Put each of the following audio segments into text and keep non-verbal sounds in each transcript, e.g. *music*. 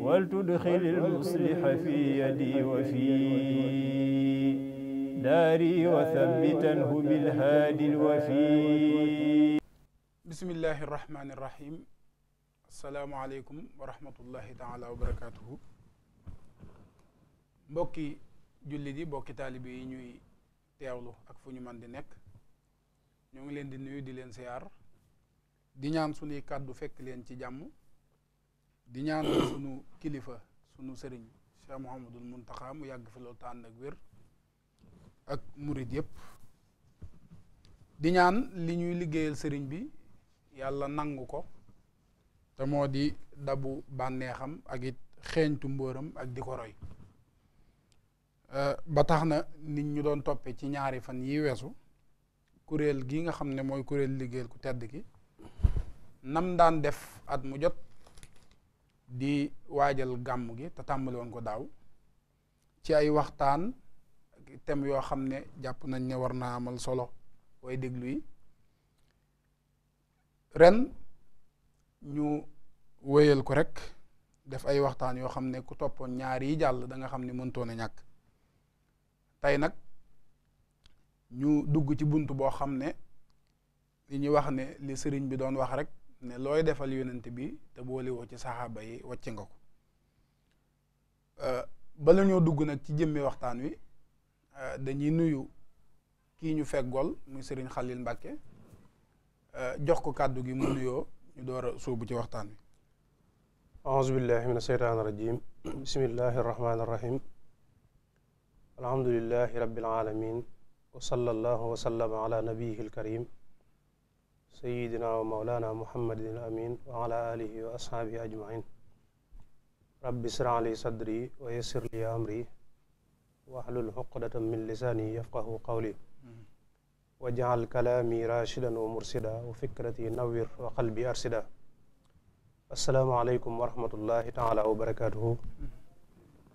ولتدخل المصلح في يدي وفي داري وثبتنه بالهادي الوفي بسم الله الرحمن الرحيم السلام عليكم ورحمة الله تعالى وبركاته mbokki julli di mbokki taalibe yi ñuy teewlu ak fu ñu man di nekk ñoo ngi leen di nuyu di leen siyaar di ñaan sunuy kàddu fekk leen ci jàmm di sunu kilifa sunu sëriñ Cheikh mun Mountakha mu yàgg fi loolu tànn ak wér ak murid yëpp di ñaan li ñuy liggéeyal sëriñ bi yàlla nangu ko te moo di dabu bànneexam ak it xeeñtu mbóoram ak di ko roy euh, ba tax na nit ñu doon toppee ci ñaari fan yi weesu kuréel gi nga xam ne mooy kuréel liggéeyal ku tedd ki nam daan def at mu jot di waajal gàmm gi te tàmbali ko daaw ci ay waxtaan thème yoo xam ne jàpp nañ ne war naa amal solo way déglu yi ren ñu wéyal ko rek def ay waxtaan yoo xam ne ku toppoon ñaar yi jàll da nga xam ne mëntoon a ñàkk tey nag ñu dugg ci bunt boo xam ne li ñuy wax ne li sëriñ bi doon wax rek ne looy defal yonent bi te boole ci saxaaba yi wàcc nga ko euh, bala ñoo dugg nag ci jëmmi waxtaan wi euh, dañuy nuyu kii ñu feggool muy sëriñ Khalil Mbacke euh, jox ko kàddu gi mu nuyoo ñu door a sóobu ci waxtaan wi aouzu billahi min asheytaan irajim bismillahi arrahmani irrahim alhamdulilahi rabbil alamin wa sallallahu wa sallama ala nabiyihi alkarim sayidina wa maulana muhammadin al amin wa ala alihi wa ashaabihi ajmain rabbi srah li sadri wa yassir li amri wahlul uqdatan min lisaani yafqahu qawli wajal kalaami rashidan wa mursida wa fikrati nawir wa qalbi arsida assalaamu aleykum wa rahmatullahi taala wa barakatuhu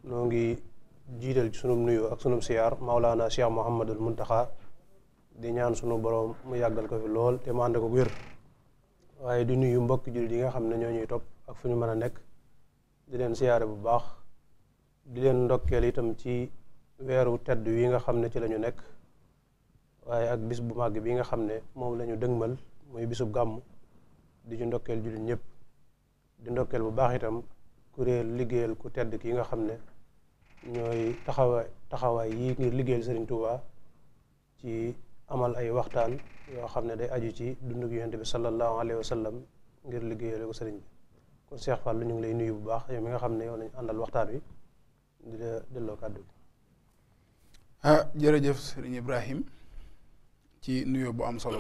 noo ngi jiital ci sunum nuyu ak sunum siyaar maulana cheikh muhammadul muntaxa di ñaan sunu boroom mu yàggal ko fi lool te mu ànd ko wér waaye di nuyu mbokki jullit yi nga xam ne ñoo ñuy topp ak fu ñu mën a nekk di leen siyaare bu baax di leen ndokkeel itam ci weeru tedd wi nga xam ne ci lañu nekk waaye ak bis bu màgg bi nga xam ne moom lañu ñu dëgmal muy bisub gàmm di ñu ndokkeel jullit ñëpp di ndokkeel bu baax itam kuréel liggéeyal ku tedd ki nga xam ne ñooy taxawaay taxawaay yi ngir liggéeyal Serigne Touba ci amal ay waxtaan yoo xam ne day aju ci dundug yonent bi sallallahu alayhi wa sallam ngir liggéeyale ko sëriñ bi kon Cheikh Fall ñu ngi lay nuyu bu baax yow mi nga xam ne yow lañ àndal waxtaan wi di la delloo kàddu gi ah sëriñ Ibrahim ci bu am solo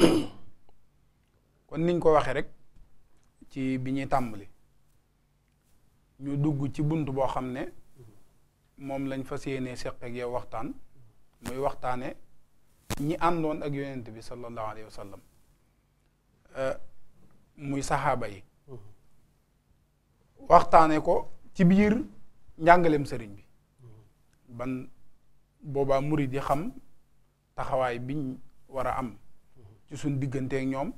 niñ ko waxee rek ci bi ñuy tàmbali ñu dugg ci bunt boo xam ne moom lañ fa yéenee seq ak yow waxtaan muy waxtaane ñi àndoon ak yonent bi sallallahu alayhi wa sallam euh, muy saxaaba yi waxtaane ko ci biir njàngaleem sëriñ bi ban booba murid yi xam taxawaay biñ war a am ci suñ digganteek ñoom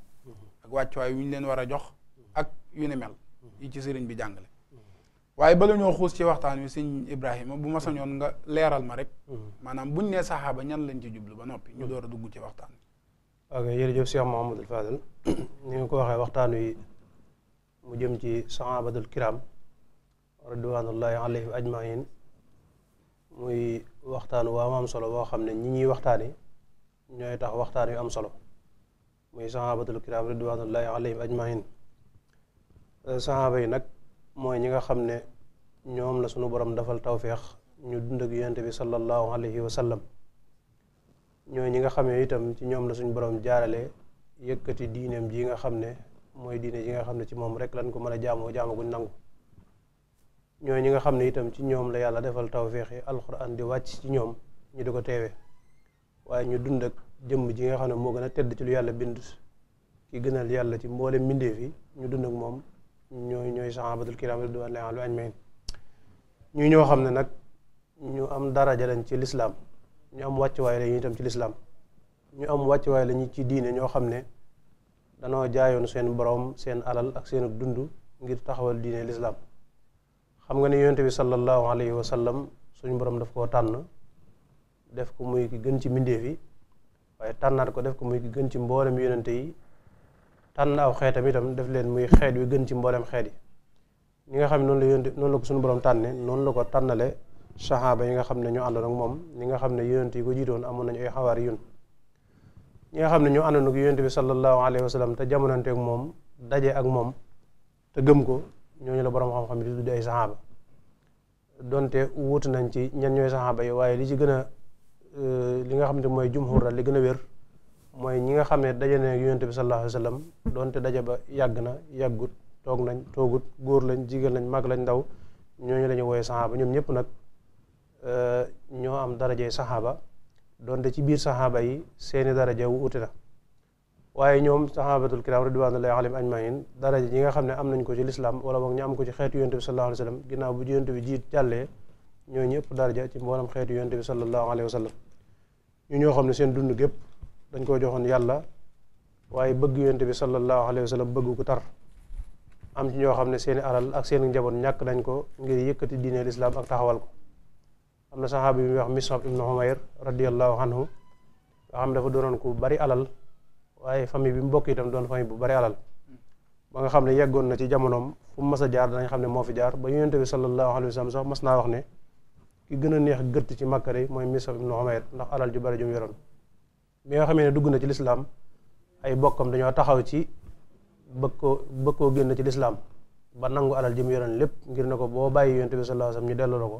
ak wàccuwaay wi leen war a jox ak yu ne mel yi ci sëriñ bi jàngale waaye bala ñoo xuus ci waxtaan wi sëñ Ibrahima bu ma sañoon nga leeral ma rek hmm. maanaam buñ nee saxaaba ñan lañ ci jublu ba noppi ñu hmm. door a dugg ci waxtaan wi ok jërëjëf Cheikh Mouhamadul Fadal *coughs* ni nga ko waxee waxtaan wi mu jëm ci saxaabatul kiram radwanullahi alayhim ajmain muy waxtaan waa mu solo boo xam ne ñi ñuy waxtaane ñooy waxtaan wi am solo muy saxaabatul kiram ridwanullahi alayhim ajmain eh, saxaaba yi nag mooy ñi nga xam ne ñoom la suñu borom dafal tawféex ñu dund ak yonent bi sallallahu alayhi sallam ñooy ñi nga xamee itam ci ñoom la suñu borom jaarale yëkkati diineem ji nga xam ne mooy diine ji nga xam ne ci moom rek lañ ko mën a jaamoo jaamaguñ nangu ñooy ñi nga xam ne itam ci ñoom la yàlla defal tawféexi alxuraan di wàcc ci ñoom ñu di ko teewee waaye ñu dund ak jëmm ji nga xam ne moo gën a tedd ci lu yàlla bind ki gënal yàlla ci mboolem mbindeef yi ñu dund ak moom ñooy ñooy saxaabatul kiram ridwanullahi alayhim ajmain ñu ñoo xam ne nag ñu am daraja lañ ci lislaam ñu am wàccuwaay lañu itam ci lislaam ñu am wàccuwaay lañu ci diine ñoo xam ne danoo jaayoon seen boroom seen alal ak seen dund ngir taxawal diine lislaam xam nga ne yonent bi sallallahu alayhi wa sallam suñu boroom daf koo tànn def ko muy gën ci mbindeef yi waaye tànnaat ko def ko muy gën ci mboolem yonente yi tànn aw xeetam itam def leen muy xeet wi gën ci mboolem xeet yi ñi nga xam ne noonu la yonent noonu la ko suñu borom tànne noonu la ko tànnale saxaaba yi nga xam ne ñu àndoon ak moom ñi nga xam ne yonent yi ko jiitoon amoon nañu ay xawaari yun ñi nga xam ne ñu àndoon ak yonent bi sallallahu alayhi wa sallam te jamonante ak moom daje ak moom te gëm ko ñooñu la borom xam-xam yi di tudde ay saxaaba donte wuutu nañ ci ñan ñooy saxaaba yi waaye li ci gën a euh, li nga xam ne mooy jumhur li gën a wér mooy ñi nga xam ne daje na yonent bi sallallahu alayhi wa sallam doonte daje ba yàgg na yàggut toog nañ toogut góor lañ jigéen lañ mag lañ ndaw ñooñu la ñu wooye saxaaba ñoom ñëpp nag euh, ñoo am darajey saxaaba doonte ci biir saxaaba yi seeni daraja wu ute na waaye ñoom saxaabatul kiram ridwanullahi alayhim ajmain daraja yi nga xam ne am nañ ko ci lislaam wala boog ñu am ko ci xeet yonent bi sallallahu alayhi wa sallam ginnaaw bu yonent bi jiit jàllee ñoo ñëpp daraja ci mboolem xeetu yonent bi sallallahu alayhi wa sallam ñu ñoo xam ne seen dund gépp dañ koo joxoon yàlla waaye bëgg yonent bi sallallahu alayhi wa sallam bëgg ko tar am ci ñoo xam ne seeni alal ak seen njaboot ñàkk nañ ko ngir yëkkati diine lislaam ak taxawal ko am na saxaabi bi muy wax Mus'ab ibnu Umayr radiyallahu anhu nga xam dafa doonoon ku bari alal waaye famille bi mu bokk itam doon bu bari alal ba xam ne yeggoon na ci jamonoom fu mu a jaar danañ xam ne moo fi jaar ba yonent bi sallallahu alayhi wa sallam sax mas naa wax ne ki gën a neex ci Makka day mooy Mus'ab ibnu Umayr ndax alal ju bari ju mu yoroon mi nga xam ne dugg na ci lislaam ay bokkam dañoo taxaw ci bëgg koo bëgg koo génn ci lislaam ba nangu alal ji mu yoroon lépp ngir ne ko boo bàyyi yonent bi sallallahu alayhi ñu dellu la ko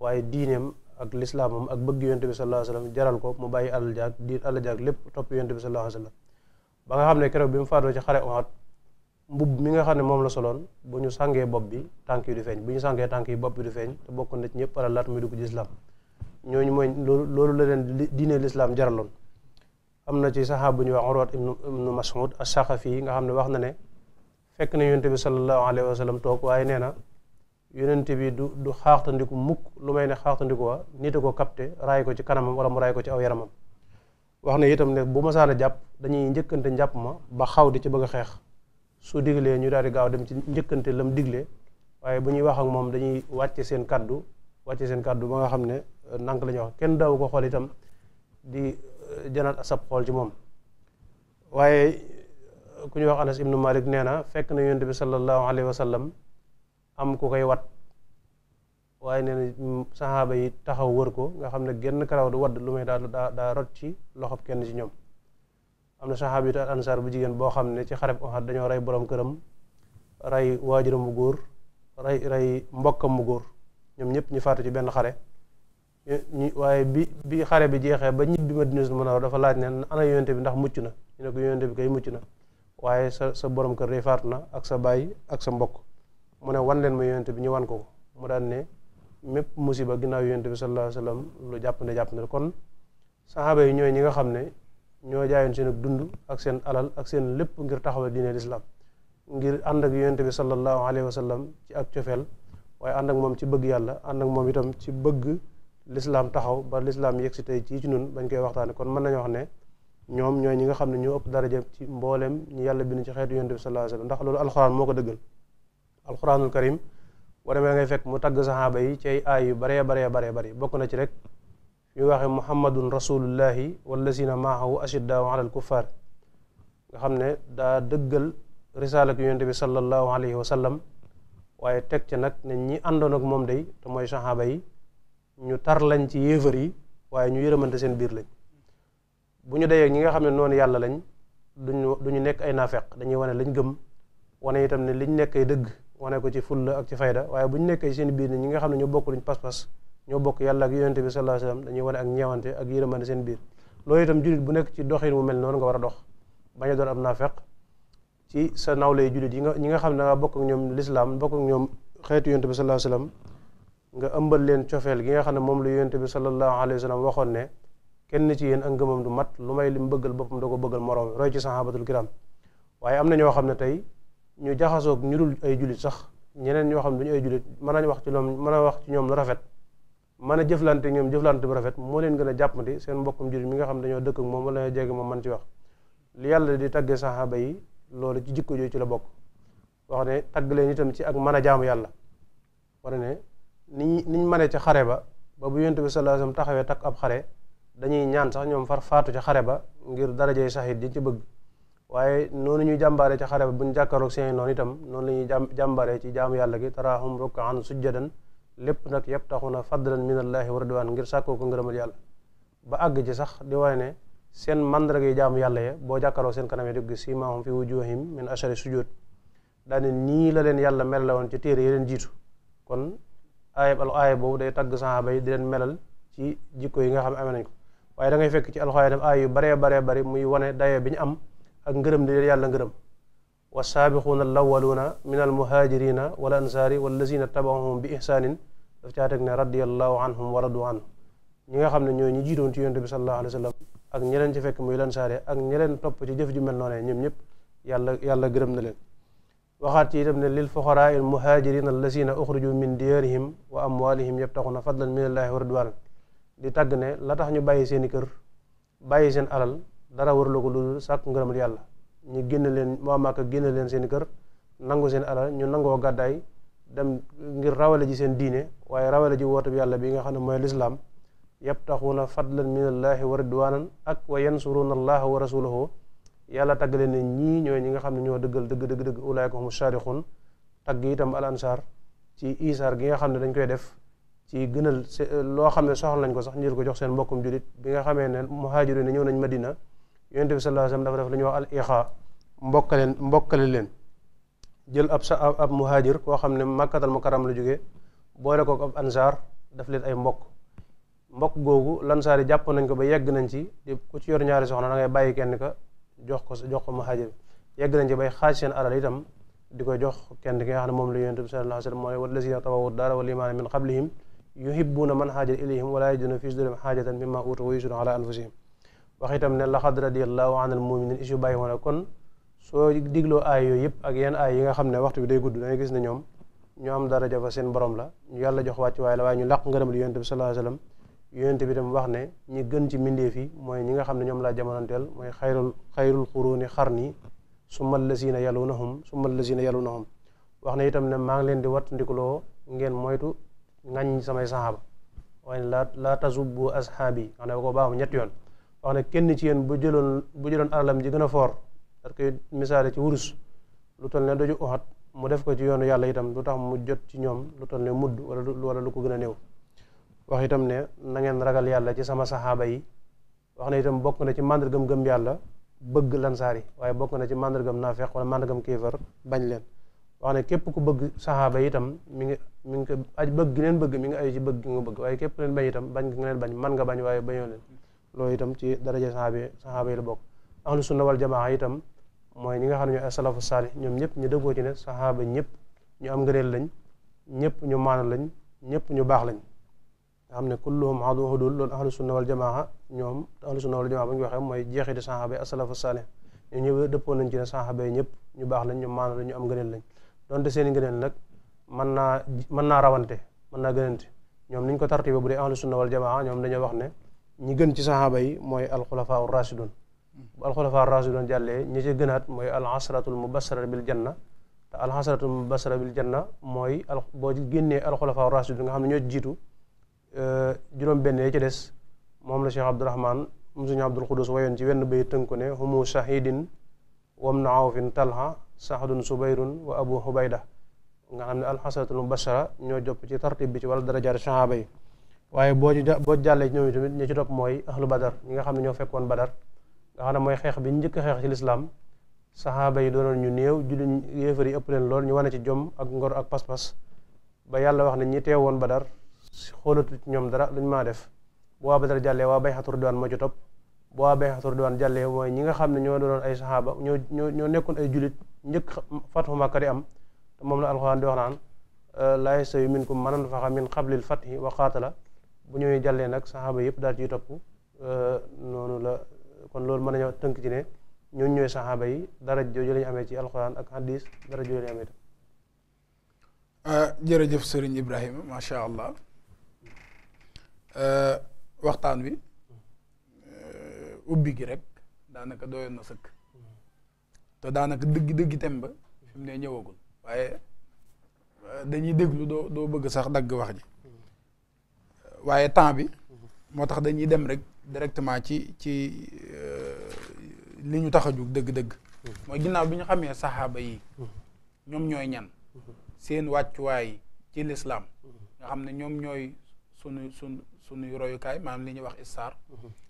waaye diineem ak lislaamam ak bëgg yonent bi sallallahu alayhi wasallam jaral ko mu bàyyi alal jaag di alal jaag lépp topp yonent bi sallallahu alayhi wasallam ba nga xam ne keroog bi mu faatoo ci xare Uhud mbubb mi nga xam ne moom la soloon bu ñu sàngee bopp bi tànk yi du feeñ bu ñu sàngee tànk yi bopp bi du feeñ te bokk na ñëpp alal laat muy dugg ci lislaam ñooñu mooy loolu loolu la leen diine lislaam jaraloon am na ci saxaaba bu ñuy wax urwat ibnu mas'ud as-saxafi yi nga xam ne wax na ne fekk na yonent bi sallallahu alayhi wa sallam toog waaye nee na yonent bi du du xaaxtandiku mukk lu may ne xaaxtandiku wa nitu ko capté raay ko ci kanamam wala mu raay ko ci aw yaramam wax ne itam ne bu masaana jàpp dañuy njëkkante jàpp ma ba xaw di ci bëgg a xeex su diglee ñu daal di gaaw dem ci njëkkante lam diglee waaye bu ñuy wax ak moom dañuy wàcce seen kaddu wàcce seen kàddu ba nga xam ne euh, nank la wax kenn daaw ko xool a sab xool ci moom waaye ku ñuy wax anas ibnu malik nee na fekk na yonent bi sallallahu alayhi wa sallam am ku koy wat waaye nee na saxaaba yi taxaw wër ko nga xam ne genn karaw du wadd lu may daa daa rot ci loxob kenn ci ñoom am na saxaaba yi ansaar bu jigéen boo xam ne ci xareb Uhud dañoo rey boroom këram rey waajuram bu góor rey rey mbokkam mu góor ñoom ñëpp ñu faatu ci benn xare Eh, ñu waaye bi bi xare bi jeexee ba ñibbi Madinatul Munawwara dafa laaj ne ana yonente bi ndax mucc na ñu ne ko yonente bi kay mucc na waaye sa sa borom kër day faatu na ak sa baay ak sa mbokk mu ne wan leen ma yonente bi ñu wan ko ko mu daan ne mépp musiba ginnaaw yonente bi sallallahu alayhi wa sallam lu jàpp ne jàpp ne kon saxaaba yi ñooy ñi nga xam ne ñoo jaayoon seen dund ak seen alal ak seen lépp ngir taxawal diine lislaam ngir ànd ak yonente bi sa alayhi wa sallam ci ak cofeel waaye ànd ak moom ci bëgg yàlla ànd ak moom itam ci bëgg lislaam taxaw ba lislaam yegg si tey jii ci ñun bañ koy waxtaane kon mën nañoo wax ne ñoom ñooy ñi nga xam ne ñoo ëpp daraja ci mboolem ñu yàlla bind ci xeetu yonent bi sallallahu alayhi wasallam ndax loolu alxuraan moo ko dëggal alxuraanul karim boo demee ngay fekk mu tagg saxaaba yi ci ay aay yu baree baree baree bari bokk na ci rek fi mu waxee muhammadun rasulullahi wallazina maahu ashiddaau alal kuffaar nga xam ne daa dëggal risaala ak yonent bi sallallahu alayhi wasallam waaye teg ci nag ne ñi àndoon ak moom day te mooy saxaaba yi ñu tar lañ ci yéefar yi waaye ñu yërëmante seen biir lañ bu ñu dayee ñi nga xam ne noonu yàlla lañ duñu ñu nekk ay naafeq dañuy wane lañ gëm wane itam ne liñ nekk ay dëgg wane ko ci fulla ak ci fayda waaye bu ñu nekkee seen biir ne ñi nga xam ne ñoo bokk luñ pas-pas ñoo bokk yàlla ak yonente bi sallallahu alayhi wasallam dañuy wane ak ñeewante ak yërëmante seen biir loolu itam jullit bu nekk ci doxin mu mel noonu nga war a dox a doon am naafeq ci sa nawlay jullit yi nga ñi nga xam ne da bokk ak ñoom lislaam bokk ak ñoom xeetu yonente bi sallallahu alayhi wasallam nga ëmbal leen cofeel gi nga xam ne moom la yente bi sallallahu alayhi wa sallam waxoon ne kenn ci yéen ak ngëmam du mat lu may lim bëggal boppam da ko bëggal moroom roy ci sahabatul kiram waaye am na ñoo xam ne tey ñu jaxasoog ñu dul ay jullit sax ñeneen ñoo xam ne duñu ay jullit mën nañ wax ci ñoom mën a wax ci ñoom lu rafet mën a jëflante ñoom jëflante bi rafet moo leen gën a jàppandi seen mbokkum jullit mi nga xam ne dañoo dëkk ak moom wala jege moom man ci wax li yàlla di tagge saxaaba yi loolu ci jikko jooju ci la bokk wax ne tagg leen itam ci ak mën a jaamu yàlla ni niñ mane ci xare ba ba bu yonent bi sallallahu alayhi wasallam taxawee takk ab xare dañuy ñaan sax ñoom far faatu ci xare ba ngir sax yi di ci bëgg waaye noonu ñuy jàmbaare ci xare ba buñ jàkkaroog seeni noonu itam noonu la ñuy jàm jàmbaare ci jaamu yàlla gi tarahum rukkaan sujjadan lépp nag yabtaxuna fadlan min allahi wa ridwan ngir sàkkoo ko ngërëmal yàlla ba àgg ci sax di wane ne seen mandarga yi jaamu yàlla ye boo jàkkaroog seen kanam yi di gis simaahum fi wujuhim min ashari sujud daane nii la leen yàlla mel la woon ci téere yi leen jiitu aayab al aaya boobu day tagg saxaaba yi di leen melal ci jikko yi nga xam ne amee nañ ko waaye da ngay fekk ci alxuraan def aaya yu baree baree bari muy wane daye bi ñu am ak ngërëm di leen yàlla ngërëm wa wasaabiquuna alawaluna min almuhaajirina wal ansaari wallazina tabaxuhum bi ihsaanin daf caa teg ne radiallahu anhum wa radu anhu ñi nga xam ne ñoo ñu jiitoon ci yonte bi sallallahu alayhi wa sallam ak ñi leen ci fekk muy lansaare ak ñi topp ci jëf ju mel noonee ñoom ñëpp yàlla yàlla gërëm na leen waxaat ci itam ne lil fuqaraa il muhaajiriin allazina uxriju min diyarihim wa amwalihim yabtaxuna fadlan minallaahi wa ridwaanan di tàgg ne la tax ñu bàyyi seeni kër bàyyi seen alal dara warlu ko lu dul sàkk ngërëmal yàlla ñu génn leen waa Màkka génn leen seeni kër nangu seen alal ñu nangoo gàddaay dem ngir rawale ji seen diine waaye rawale ji woote yàlla bi nga xam ne mooy lislaam yabtaxuna fadlan minallaahi wa ridwaanan ak wa yansuruuna allaha wa rasulahu yàlla tagg leen ne ñii ñooy ñi nga xam ne ñoo dëggal dëgg dëgg dëgg ulaayka humu saadixun tagg itam al ansaar ci isaar gi nga xam ne dañ koy def ci gënal loo xam ne soxla nañ ko sax ngir ko jox seen mbokkum julit bi nga xamee ne muhaajiru ne ñëw nañ madina yonente bi sallallahu alayhi dafa def la wax al ixa mbokkaleen mbokkale leen jël ab sa ab muhaajir koo xam ne mu mukarram la jóge boole ko ab ansaar daf leen ay mbokk mbokk googu lansaar yi jàpp nañ ko ba yegg nañ ci ku ci yor ñaari soxna da ngay bàyyi kenn ka jox ko jox ko muhaajir yegg nañ ci bay xaaj seen alal itam di ko jox kenn ki nga xam ne moom la yonent bi sallallahu alayhi wa sallam mooy wallazina tabawu daara wal imaana min a yuhibbuuna man haajara ilayhim wala yajiduna fi sudurihim haajatan mimma uutu wa yu'siruna ala anfusihim is yu bàyyi woon kon soo digloo aay yooyu yëpp ak yenn aay yi nga xam ne waxtu bi day gudd dangay gis ne ñoom ñu am daraja fa seen borom la ñu yàlla jox wàcc waaye la waaye ñu làq ngërëm li yonent bi sallallahu alayhi wa sallam yoonte bi tam wax ne ñi gën ci mbindeef yi mooy ñi nga xam ne ñoom laa jamonanteel mooy xayrul xayrul xuruuni xarni su lazina yalunahum summa lazina yalunahum wax ne itam ne maa ngi leen di wattandikuloo ngeen moytu ngañ samay saxaaba waaye ne laa laa tasubbu ashaabi wax ne ko baaxu ñetti yoon wax ne kenn ci yéen bu jëloon bu jëloon alalam ji gën a foor parce que misaale ci wurus lu toll ne doju uxat mu def ko ci yoonu yàlla itam lu tax mu jot ci ñoom lu toll ne mudd wala wala lu ko gën a néew wax itam ne nangeen ragal yàlla ci sama saxaaba yi wax na itam bokk na ci màndargam gëm yàlla bëgg lansaar yi waaye bokk na ci màndargam naa naafeq wala màndargam kéefar bañ leen wax ne képp ku bëgg saxaaba yi itam mu ngi mi ngi ko aj bëgg gi leen bëgg mi ngi ayu ci bëgg gi nga bëgg waaye képp ku leen bañ itam bañ nga leen bañ man nga bañ waaye bañoo leen loolu itam ci daraja saxaaba yi saxaaba yi la bokk ahlu sunna wal jamaa itam mooy ñi nga xam ne ñooy asalafu saalih ñoom ñëpp ñu dëggoo ci ne saxaaba ñëpp ñu am ngëneel lañ ñëpp ñu maana lañ ñëpp ñu baax lañ xam ne kulluhum adu hudul loolu ahlu sunna wal jamaa ñoom ahlu sunna wal jamaa bu ñu waxee mooy jeexiti saxaaba yi asalafu saalih ñoom ñëpp dëppoon nañ ci ne saxaaba yi ñëpp ñu baax lañ ñu maana la ñu am ngëneel lañ donte seen i ngëneel nag mën naa mën naa rawante mën naa gënante ñoom niñ ko tartibe bu dee ahlu sunna wal jamaa ñoom dañoo wax ne ñi gën ci saxaaba yi mooy alxulafaa rasidun bu alxulafaa rasidun jàllee ñi ci gënaat mooy al asratul mubassara bil janna te al asratul mubassara mooy al xam ne ñoo jiitu Euh, juróom-benn ya ci des moom la Cheikh Abdourahman mu suñu Abdul Xudus wayoon ci wenn bay tënku ne humu shahidin wam na awfin talha saxadun subayrun wa abu hubayda nga xam ne alxasanatul mubashara ñoo jopp ci tartib bi ci dara darajaar sahaaba yi waaye boo boo jàllee ci tamit ñi ci topp mooy ahlu badar ñi nga xam ne ñoo fekkoon badar nga xam ne mooy xeex bi njëkk xeex ci lislaam saxaaba yi doonoon ñu néew jullit yéefar yi ëpp leen lool ñu wane ci jom ak ngor ak pas ba yàlla wax ne ñi teewoon badar xoolatu ci ñoom dara luñ maa def boo waa Badar jàllee waa bayxatu ridwaan moo ci topp bu waa bayxatu ridwaan jàllee mooy ñi nga xam ne ñoo doon ay saxaaba ñoo ñoo ñoo nekkoon ay julit njëkk fatxu Makka di am te moom la alxuraan di wax naan euh, laa yastawi minkum man anfaqa min qablil fathi wa qaatala bu ñëwee jàllee nag saxaaba yëpp daal ciy topp euh, noonu la kon loolu mën na nañoo tënk ci ne ñooñu ñooy saxaaba yi dara jooju lañu amee ci alxuraan ak hadis dara jooju lañu amee tam euh, jërëjëf sëriñ Ibrahima macha allah Euh, waxtaan wi euh, ubbi gi rek daanaka doy na sëkk te daanaka dëgg dëgg tem ba ne ñëwagul waaye euh, dañuy déglu doo doo bëgg sax dagg wax ji waaye temps bi moo tax dañuy dem rek directement ci ci li ñu tax a jug dëgg-dëgg mooy ginnaaw bi ñu xamee saxaaba yi ñoom ñooy ñan seen wàccuwaay ci lislaam nga xam ne ñoom ñooy sunu sunu suñuy royukaay maanaam li ñuy wax istaar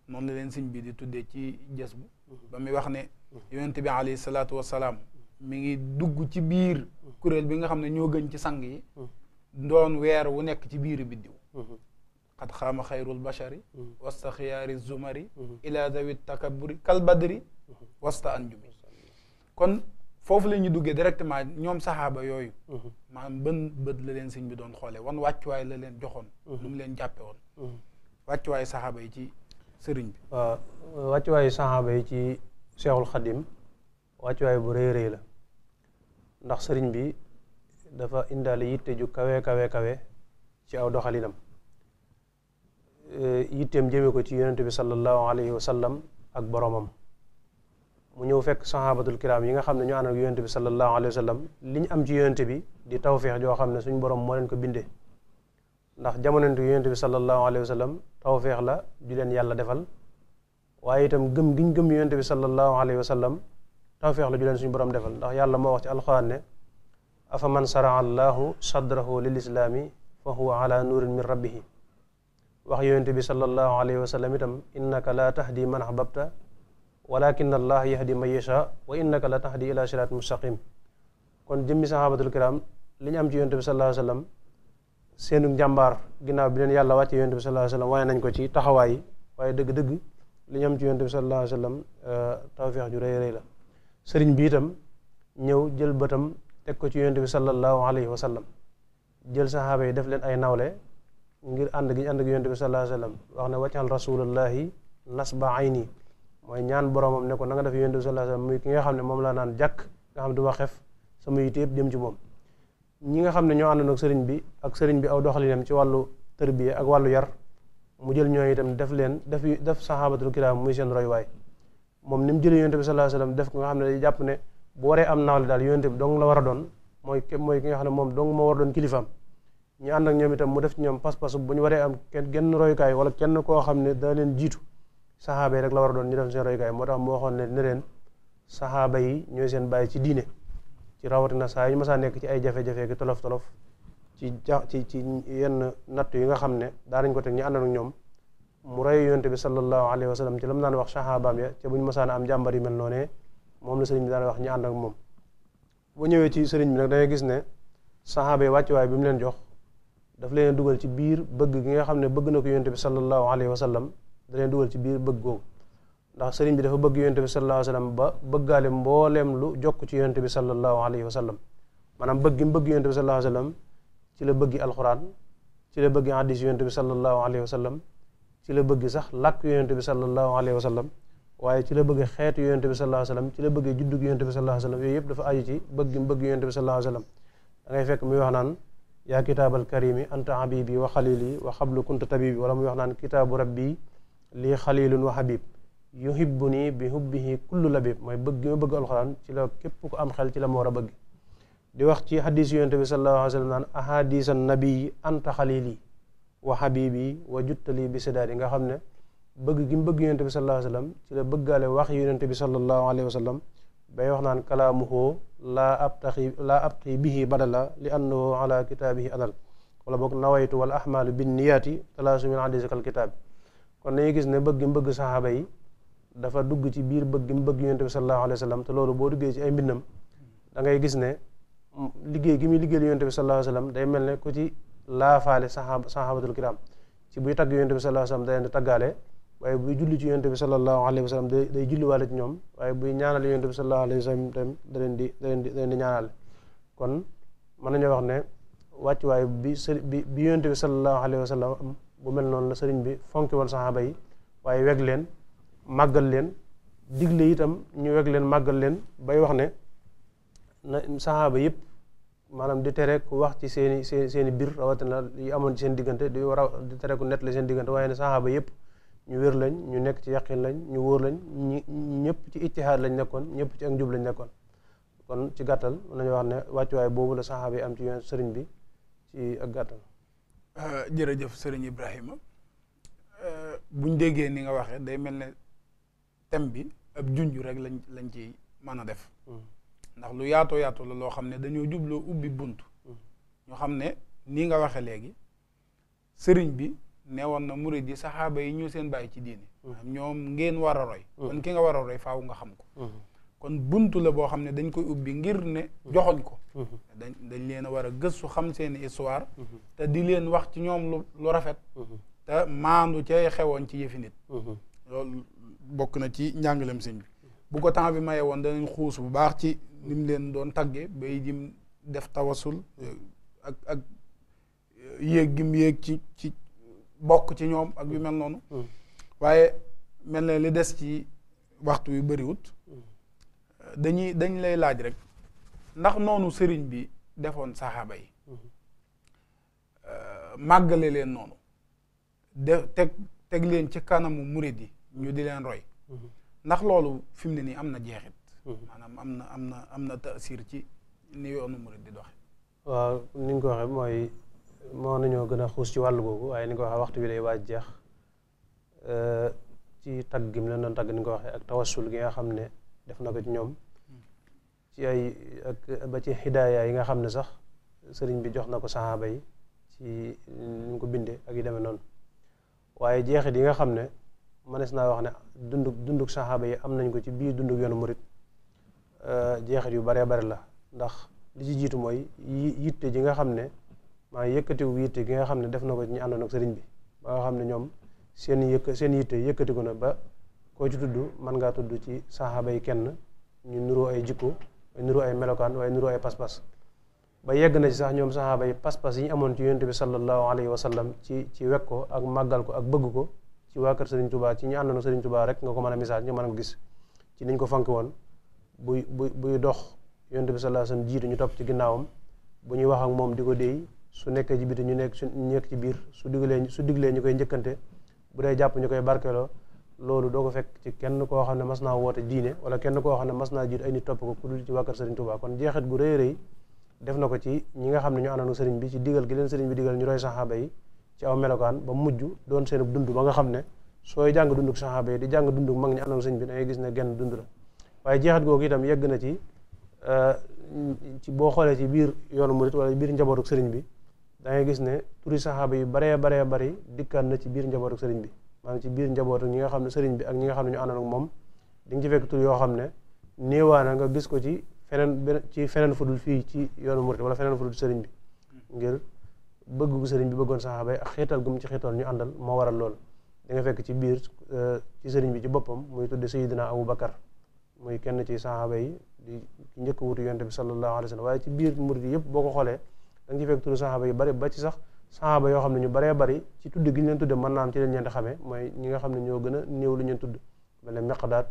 noonu mhm. la leen sëñ bi di tuddee ci jës bu mhm. ba muy wax ne mhm. yonent bi alayhi salaatu wasalaam mi ngi dugg ci biir kuréel bi nga xam ne ñoo gën ci sang yi doon weer wu nekk ci biir biddiw xat xaama xayrul bashari wasta xiyaari zumari ila takaburi kal wasta anjumi kon foofu la ñu duggee directement ñoom saxaaba yooyu mhm. maanaam ban bët la leen sëñ bi doon xoole wan wàccuwaay la leen joxoon lu mhm. mu leen jàppe woon mhm. wàccuwaayu saxaaba yi ci sëriñ bi waaw wàccuwaayu saxaaba ci Seexul Xadim wàccuwaay bu rëy rëy la ndax sëriñ bi dafa indaale yitte ju kawe kawe kawe ci aw doxalinam eh, yitteem jëme ko ci yonente bi sallallahu alayhi wa ak boromam mu ñëw fekk sahabatul kiram yi nga xam ne ñu ànd ak yonente bi sallallahu alayhi wa sallam li ñu am ci yonente bi di tawféex joo xam ne suñu borom moo leen ko bindee ndax jamononte yonente bi sallallahu alayhi wa sallam tawféex la ju leen yàlla defal waaye itam gëm giñ gëm yonente bi sallallahu alayhi wa sallam tawféex la ju leen suñu borom defal ndax yàlla moo wax ci alxuraan afa man saraa allahu sadrahu lil islaami fa huwa ala nuurin min rabbihi wax yonente bi sallallahu alayhi wa sallam itam innaka la tahdi man ahbabta walakin allah yahdi man yasha wa innaka la tahdi ila siraat mustaqim kon jëmmi saxaabatul kiram li ñu am ci yonent bi sallallahu alayhi wa sallam seenu njàmbaar ginnaaw bi leen yàlla wàcce yonent bi sallallahu alayhi wa sallam waaye nañ ko ci taxawaay waaye dëgg-dëgg li am ci yonent bi sallallahu alayhi wa sallam euh, tawfeex ju rëy rëy la sëriñ bi itam ñëw jël bëtam teg ko ci yonent bi sallallahu alayhi wa sallam jël saxaaba yi def leen ay nawle ngir ànd gi ànd gi yonent bi sallallahu alayhi wa sallam wax ne waccal rasulullahi nasba ayni mooy ñaan boromam ne ko na def yonent bi sallallahu alayhi wasallam muy ki nga xam ne nga xam ne du ma xef sama yitte yëpp jëm ci moom ñi nga xam ne ñoo àndoon ak sëriñ bi ak sëriñ bi aw doxalinam ci wàllu tërbiye ak wàllu yar mu jël ñooñu itam def leen def def saxaabatul kiraam muy seen roy waay moom ni mu jëlee yonent bi sallallahu alayhi wasallam def ko nga xam ne day jàpp ne bu waree am naaw la daal yonent bi dong la war a doon mooy képp mooy ki nga xam ne moom dong moo war a doon kilifaam ñu ànd ak ñoom def ci ñoom pas-pas bu ñu waree am kenn genn royukaay wala kenn koo xam ne daa leen jiitu saxaaba yi rek la war doon ñu def seen royukaay moo tax mu waxoon ne ne leen saxaaba yi ñooy seen bàyyi ci diine ci rawatina saa yi ñu mës nekk ci ay jafe-jafe gi tolof ci ja ci ci yenn natt yi nga xam ne daanañ ko teg ñu àndoon ak yonte bi sallallahu alayhi wa sallam ci la mu daan wax saxaabaam ya ca bu ñu mësaan am jàmbar yi mel noonee moom la sëriñ bi daan wax ñu ànd ak moom boo ñëwee ci sëriñ bi nag da gis ne saxaaba yi wàccuwaay bi mu leen jox daf leen dugal ci biir bëgg gi nga xam ne bëgg na ko yonte bi sallallahu alayhi wa sallam da leen dugal ci biir bëgg googu ndax sëriñ bi dafa bëgg yonente bi sallallahu alayhi wa sallam ba bëggaale mbooleem lu jokk ci yonente bi sallallahu alayhi wa sallam maanaam bëgg mu bëgg yonente bi sallallahu alayhi wa sallam ci la bëggi alquran ci la bëggi hadis yonente bi sallallahu alayhi wa sallam ci la bëgg sax làkk yonente bi sallallahu alayhi wa sallam waaye ci la bëgg xeet yonente bi sallallahu alayhi wa sallam ci la bëgg juddug yonente bi sallallahu alayhi wa sallam yooyu yëpp dafa aju ci bëgg mu bëgg yonente bi sallallahu alayhi wa sallam da ngay fekk muy wax naan yaa kitaabal karimi anta habibi wa xalili wa xablu kunta tabibi wala muy wax naan kitaabu rabbi lii xalilun wa habib yuhibbu nii bi hubbihi kullu labib mooy bëgg ma bëgg alxuraan ci la képp ku am xel ci la ma war a bëgg di wax ci xadis yonente bi sallallahu alayhi wa sallam naan ahadis an nabii anta xalili wa habibi wa juttali bi sidaadi nga xam ne bëgg gi mu bëgg yonente bi sallallahu alayhi wa sallam ci la bëggaale wax yonente bi sallallahu alayhi wa sallam bay wax naan kalaamuhu laa abtaxi laa abtaxi bi badala li annahu ala kitaabihi adal wala boog nawaytu wal ahmaalu bin niyaati talaasu min hadisakal kon dañuy gis ne bëgg bëgg saxaaba yi dafa dugg ci biir bëgg mu bëgg bi sallallahu alayhi wa sallam te loolu boo duggee ci ay mbindam da gis ne liggéey gi muy liggéeyal yonent bi sallallahu alayhi wa day mel ne ku ci laafaale saxaaba saxaabatul kiram ci buy tagg yonent bi sallallahu alayhi wa sallam day leen taggaale waaye buy julli ci yonent bi sallallahu alayhi wa day julliwaale ci ñoom waaye buy ñaanal yonent bi sallallahu alayhi wa sallam tam da leen di leen di leen di ñaanal kon mën nañoo wax ne wàccuwaay bi bi bi bi sallallahu alayhi wa sallam am bu mel noonu la sëriñ bi fonki woon saxaaba yi waaye weg leen màggal leen digle itam ñu weg leen màggal leen bay wax ne na saxaaba yëpp maanaam di tere ku wax ci seeni seen seen i biir rawatina yi amoon ci seen diggante di war a di tere ku nett la seen diggante waaye ne saxaaba yëpp ñu wér lañ ñu nekk ci yaqin lañ ñu wóor lañ ñi ñëpp ci ittihaad lañ nekkoon ñëpp ci ak njub lañ nekkoon kon ci gàttal nañu wax ne wàccuwaay boobu la saxaaba yi am ci yoon bi ci ak gàttal Euh, jërëjëf sëriñ Ibrahima euh, buñ déggee ni nga waxee day mel ne thème bi ab junj rek lañ lañ ci mën a def. Mm. ndax lu yaatoo yaatu la loo xam ne dañoo jubloo ubbi bunt. Mm. ñu xam ne nii nga waxe léegi sëriñ bi neewoon na murid yi saxaaba yi ñu seen bàyyi ci diini. Mm. ñoom ngeen war a roy. kon ki nga war a roy faaw nga xam ko. kon buntu la boo xam ne dañ koy ubbi ngir ne mhm. joxoñ ko mhm. dañ dañ leen a war a gëstu xam seeni histoire mhm. te di leen wax ci ñoom lu rafet te maandu cay xewoon ci yëfi nit bokk na ci njàngalem sëñ bi bu ko temps bi maye woon danañ xuus bu baax ci ni leen doon tagge bay jim tawasul eh, ak ak eh, yéeg yéeg ci ci bokk ci ñoom ak yu mel noonu waaye mel na li des ci waxtu yu bëriwut dañuy dañ lay laaj rek ndax noonu sëriñ bi defoon saxaaba yi euh, màggale leen noonu de teg teg leen ci kanamu murid yi ñu di leen roy ndax loolu fi mu ne nii am na jeexit maanaam am na am na am na taasir ci ni yoonu murid di doxe waaw ni nga ko waxee mooy moo nañoo gën a xuus ci wàllu googu waaye ni nga ko waxee waxtu bi day waaj jeex euh, ci tagg gi mu leen doon tagg ni nga ko waxee ak tawassul gi nga xam ne def na ko ci ñoom ci ay ak ba ci hidaaya yi nga xam ne sax sëriñ bi jox na ko saxaaba yi ci ñu ko bindee ak yu deme noonu waaye jeexit yi nga xam ne mënees naa wax ne dunduk dunduk saxaaba yi am nañ ko ci biir dunduk yoonu murit euh, jeexit yu baree bari la ndax li ci jiitu mooy yitte ji nga xam ne maa yëkkatiwu yitte gi nga xam ne def na ko ci ñu àndoon ak sëriñ bi ba nga xam ne ñoom seen yëkk seen yitte yëkkatiku na ba koo ci tudd man ngaa tudd ci saxaaba yi kenn ñu nuroo ay jikko niroo ay melokaan waaye nuroo ay pas-pas ba yegg na ci sax ñoom saxaaba yi pas-pas yi ñu amoon ci yonent bi sallallahu alayhi wa sallam ci ci wekk ko ak màggal ko ak bëgg ko ci waa kër Serigne Touba ci ñu àndoon Serigne Touba rek nga ko mën a misaal nga mën a gis ci niñ ko fank woon buy buy buy dox yonent bi sallallahu alayhi wa jiitu ñu topp ci ginnaawam bu ñuy wax ak moom di ko déy su nekkee ci biti ñu nekk su nekk ci biir su diglee su diglee ñu koy njëkkante bu dee jàpp ñu koy barkeeloo loolu doo ko fekk ci kenn koo xam ne mas naa woote diine wala kenn koo xam ne mas naa jiit ay nit topp ko ku dul ci wàkkar sëriñ Touba kon jeexit gu rëy rëy def na ko ci ñi nga xam ne ñu àndanu sëriñ bi ci digal gi leen sëriñ bi digal ñu roy saxaaba yi ci aw melokaan ba mujj doon seen dund ba nga xam ne sooy jàng dunduk saxaaba yi di jàng dunduk mag ñi àndanu sëriñ bi da ngay gis ne genn dund la waaye jeexit googu itam yegg na ci euh, ci boo xoolee ci biir yoonu murit wala biir njabootuk sëriñ bi da ngay gis ne turi saxaaba yi baree baree bari dikkaan na ci biir njabootuk sëriñ bi maanaam ci biir njabootu ñi nga xam ne sëriñ bi ak ñi nga xam ne ñu àndoon ak moom di nga ci fekk tur yoo xam ne néewaana nga gis ko ci feneen fu dul fii ci yoonu murit wala feneen fudul sëriñ bi ngir bëgg gu sëriñ bi bëggoon saxaaba yi ak xeetal gu mu ci xeetoon ñu àndal moo waral lool di nga fekk ci biir eh, ci sëriñ bi ci boppam muy tudde Seydina Abu Bakar muy kenn ci saxaaba yi di njëkk wutu yonte bi sallallahu alayhi wa waaye ci biir murit yi yëpp boo ko xoolee da ci fekk turu saxaaba yi bari ba ci sax saxaaba yoo xam ne ñu baree bari ci tudd gi ñu leen tudde mën naa am ci leen ñeenti xamee mooy ñi nga xam ne ñoo gën a néew lu ñu tudd ku mel ne Miqdaad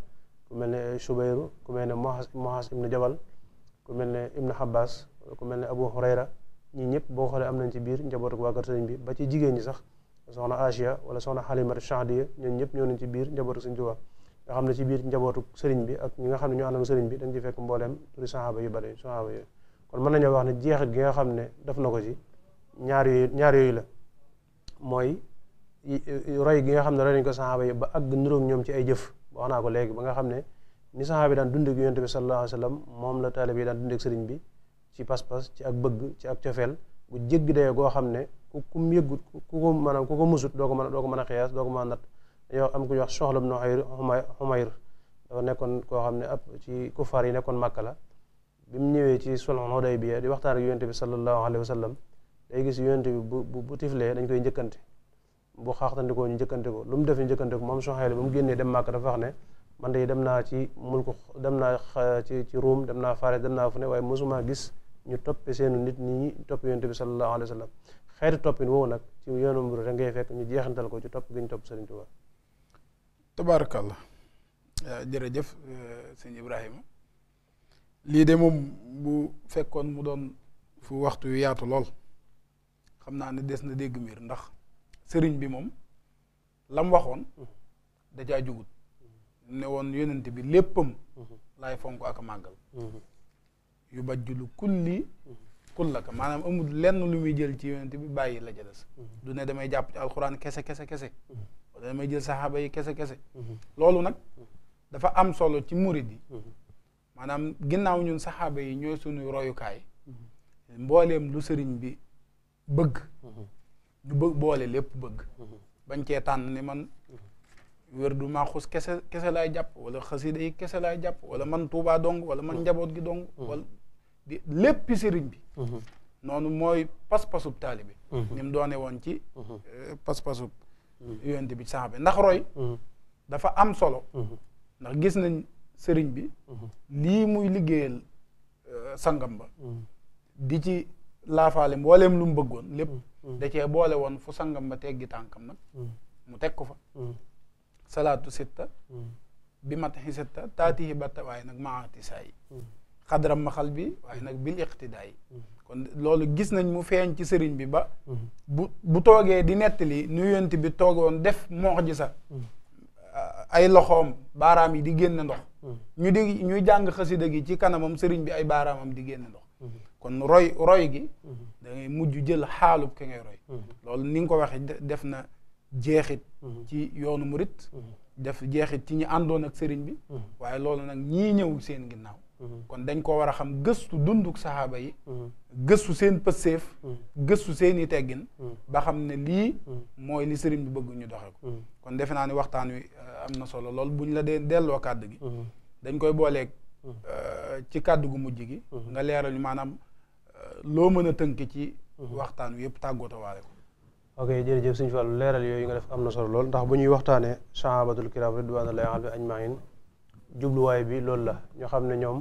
ku mel ne Subayru ku mel ne Muhaas ibnu Jabal ku mel ne Ibnu Abbas ku mel ne Abu Hurayra ñi ñëpp boo xoolee am nañ ci biir njabootu waa kër bi ba ci jigéen ñi sax soxna Asiya wala soxna Xalimatu Saadiya ñooñu ñëpp ñoo nañ ci biir njabootu sëriñ Tuubaa nga xam ne ci biir njabootu sëriñ bi ak ñi nga xam ne ñoo àndoon sëriñ bi dañ ci fekk mbooleem turi saxaaba yu bari saxaaba yooyu kon mën nañoo wax ne jeexit gi nga xam ne def na ko ci ñaar yooyu ñaar la mooy roy gi nga xam ne roy nañ ko saxaaba yi ba àgg niroog ñoom ci ay jëf wax naa ko léegi ba nga xam ne ni saxaaba yi daan dund ak yonent bi sallallahu alayhi wa moom la taalib yi daan dund ak bi ci pas-pas ci ak bëgg ci ak cofeel bu jéggi dayoo goo xam ne ku ku mu ku ko ku ko musut doo ko mën a doo ko mën a xiyaas doo ko mën a nat am ku ñuy wax soxla no xayr xumayr dafa koo xam ne ab ci kufaar yi nekkoon màkka la bi mu ñëwee ci sulhul Hudaybiya di waxtaan ak yonent bi sallallahu alayhi wa sallam day gis yonent bi bu bu bu tiflee dañ koy njëkkante bu xaaxtandikoo ñu njëkkante ko lu mu def ñu njëkkante ko moom Suhayl ba mu génnee dem Màkka dafa wax ne man de dem naa ci mulku dem naa ci ci Ruum dem naa Faris dem naa fu ne waaye mosuma gis ñu toppe seenu nit ñi topp yonent bi sallallahu alayhi wa sallam xeetu toppin woowu nag ci yoonu mbir rek ngay fekk ñu jeexantal ko ci topp gi ñu topp Sëriñ Tuubaa tabaarakallah euh, jërëjëf euh, sëñ Ibrahima lii de moom bu mu doon fu waxtu yu yaatu xam naa ne des na dégg miir ndax sëriñ bi moom lam waxoon da caa jugut ne woon yonent bi léppam laay fonk ak màggal yu bajjulu kulli kullaka maanaam amul lenn lu muy jël ci yonent bi bàyyi la ca des du ne damay jàpp ci alxuraan kese kese kese wala damay jël saxaaba yi kese kese loolu nag dafa am solo ci murid maanaam ginnaaw ñun saxaaba yi ñooy suñu royukaay mbooleem lu sëriñ bi bëgg mhm. ñu bëgg boole lépp bëgg mhm. bañ cee tànn ni man mhm. wér du maaxus kese kese laay jàpp wala xasida yi kese laay jàpp wala man tuubaa dong wala man njaboot gi dong wala di léppi sëriñ bi noonu mooy pas-pasub taalibe ni mu doone woon ci euh, pas-pasub yonent bi saxaaba ndax roy dafa am solo gis nañ sëriñ bi lii muy liggéeyal euh, sangam ba di ci laafaale mbooleem lu mu bëggoon lépp mm, mm. da cee boole woon fu sangam ma teggi tànkam nag mm. mu teg ko fa salaatu sitta bi mataxi sitta taatihi batta waaye nag maati saay xadram maxal bi waaye nag bil iqtidaay kon loolu gis nañ mu feeñ ci sëriñ bi ba bu bu toogee di nettali nuyent bi toogoon def moox ji sa ay loxoom baaraam yi di génn ndox ñu di ñuy jàng xasida gi ci kanamam sëriñ bi ay baaraamam di génn ndox kon roy roy gi mhm. dangay mujj jël xaalub ki ngay roy mhm. loolu ni nga ko waxee def na jeexit mhm. ci yoonu murit def jeexit ci ñi àndoon ak sëriñ bi waaye loolu nag ñii ñëw seen ginnaaw kon dañ ko war a xam gëstu dunduk saxaaba yi gëstu seen pësseef gëstu seeni teggin ba xam ne lii mooy li sëriñ bi bëgg ñu doxe ko kon defe naa ni waxtaan wi euh, am na solo lool bu ñu la dee delloo kàdd gi dañ koy booleeg euh, ci kàddu gu mujj gi nga leeral ñu maanaam loo mën a tënk ci waxtaan wi yëpp tàggooto waale ko ok jërëjëf suñu fàllu leeral yooyu nga def am na solo lool ndax bu ñuy waxtaanee sahabatul kiram ridwanullahi alayhim ajmain jubluwaay bi loolu la ñoo xam ne ñoom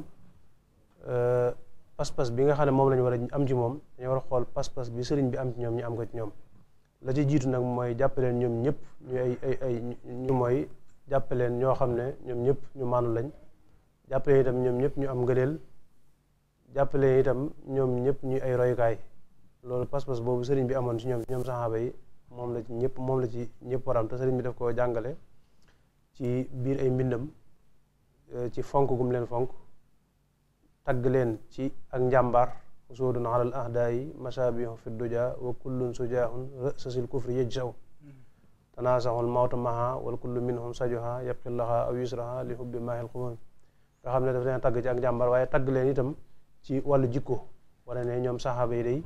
euh, pas-pas bi nga xam ne moom lañu war a am ci moom dañu war xool pas-pas bi sëriñ bi am ci ñoom ñu am ko ci ñoom la ci jiitu nag mooy jàppaleen ñoom ñëpp ñu ay ay ay ñu mooy jàppaleen ñoo xam ne ñoom ñëpp ñu maanu lañ jàppaleen itam ñoom ñëpp ñu am ngëneel jàppale itam ñoom ñëpp ñuy ay royukaay loolu pas-pas boobu sëriñ bi amoon ci ñoom ñoom saxaaba moom la ci ñëpp moom la ci ñëpp waram te sëriñ bi def koo jàngale ci biir ay mbindam eh, ci fonk gum leen fonk tagg leen ci ak njàmbaar usudun alal ahdayi masabihun fi duja wa kullun sujahun rësasil kufri yajsaw tanaasahul mawta maha wal kullu minhum sajoha yabqi laha aw yusraha li hubbi maahil xumam nga xam ne daf leen tagg ci ak njàmbaar waaye tagg leen itam ci wàllu jikko wane ne ñoom saxaaba yi day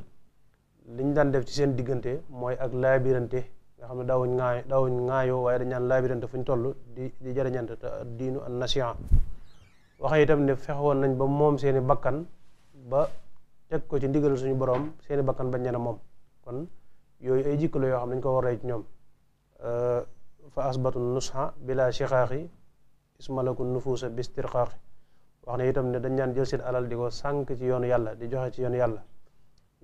liñ daan def ci seen diggante mooy ak laabirante nga xam ne daawuñ ŋaayo daawuñ ŋaayoo waaye dañ naan laabirante ñu toll di di jëriñante te diinu an nasiha waxe itam ne fexewoon nañ ba moom seeni bakkan ba teg ko ci ndigal suñu borom seeni bakkan bañ ñene moom kon yooyu ay jikko la yoo xam ne dañ ko waree ñoom fa asbatu nusha bila shixaaxi ismalakun nufuusa bistirqaaxi wax ne itam ne dañ daan jël seen alal di ko sànk ci yoon yàlla di joxe ci yoonu yàlla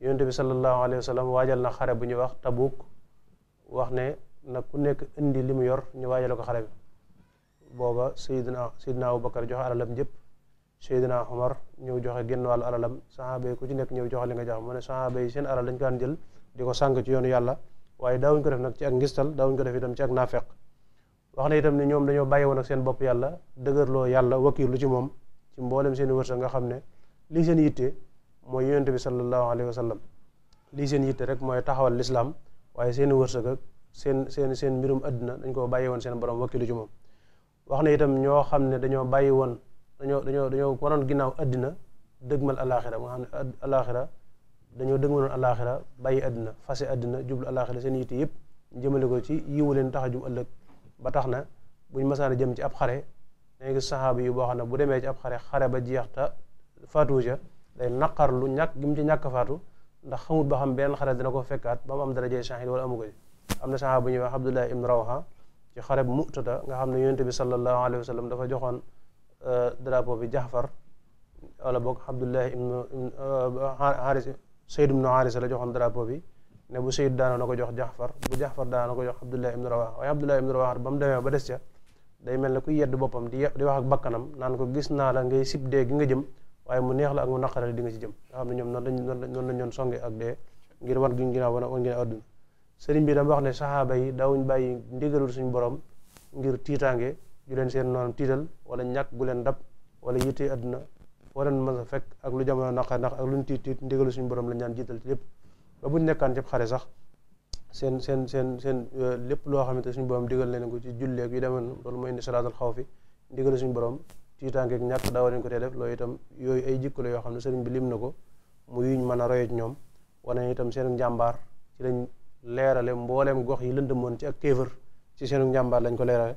yonent bi sallallahu alayhi wa sallam waajal na xare bu ñuy wax Tabuk wax ne nag ku nekk indi li mu yor ñu waajal ko xare bi booba Seydina Seydina Abubakar joxe alalam jëpp Seydina Omar ñëw joxe génn wàllu alalam saxaaba yi ku ci nekk ñëw joxe li nga jox mu ne saxaaba yi seen alal dañ ko jël di ko sànk ci yoonu yàlla waaye daawuñ ko def nag ci ak ngistal daawuñ ko def itam ci ak naafeq wax ne itam ne ñoom dañoo bàyyi woon ak seen bopp yàlla dëgërloo yàlla wakiilu ci moom ci mboolem seen wërsëg nga xam ne lii seen yitte mooy yonent bi sallallahu alayhi wa sallam lii seen yitte rek mooy taxawal lislaam waaye seen wërsëg ak seen seen seen mbirum àddina dañ koo bàyyi woon seen borom wakkilu ci moom wax na itam ñoo xam ne dañoo bàyyi woon dañoo dañoo dañoo waroon ginnaaw àddina dëgmal alaaxira nga xam ne alaaxira dañoo dëgmaloon alaaxira bàyyi àddina fase àddina jublu alaaxira seen yitte yëpp jëmale ko ci yiwu leen tax a jub ëllëg ba tax na buñ masaana jëm ci ab xare da ngay yi boo xam ne bu demee ci ab xare xare ba jeex ta faatu ja day naqar lu ñàkk gi ci ñàkk faatu ndax xamut ba xam benn xare dina ko fekkaat ba mu am darajee shahid wala amu ko am na saxaaba bu ñuy wax Abdullah ibn Rawha ci xare bu Mu'tata nga xam ne yonent bi sallallahu alayhi wa sallam dafa joxoon euh, drapeau bi Jaxfar wala boog Abdullah ibn euh, Haris Sayd ibn Haris la joxoon drapeau bi ne bu Sayd daana na ko jox Jaxfar bu Jaxfar daana na ko jox Abdullah ibn Rawha waaye Abdullah ibn Rawha ba mu demee ba des ca day mel ne kuy yedd boppam di di wax ak bakkanam naan ko gis naa la ngay sib dee gi nga jëm waaye mu neex la ak mu naqarale di nga ci jëm nga xam ne ñoom noonu lañ noonu lañ doon songe ak dee ngir wan guñ ginaaw wan ginaaw adduna sëriñ bi dama wax ne saxaaba yi daawuñ bàyyi ndigalul suñu borom ngir tiitaange ju leen seen noonu tiital wala ñàkk gu leen dab wala yittee foo wala mën a fekk ak lu jamono naqar ndax ak lu ñu tiit tiit ndigalul suñu borom la ñaan jiital ci lépp ba buñ nekkaan cib xare sax seen seen seen seen euh, lépp loo xamante suñu borom digal leen ko ci julleeg yu demoon loolu mooy indi salaatal xaw fi digal suñu borom tiitaangeeg ñàkk daawa nañ ko tee def loolu itam yooyu ay jikko la yoo xam ne bi lim na ko mu yuñ mën a royee ñoom wane itam seen njàmbaar ci lañ leerale mbooleem gox yi lëndëmoon ci ak kéefër ci seenu njàmbaar lañ ko leerale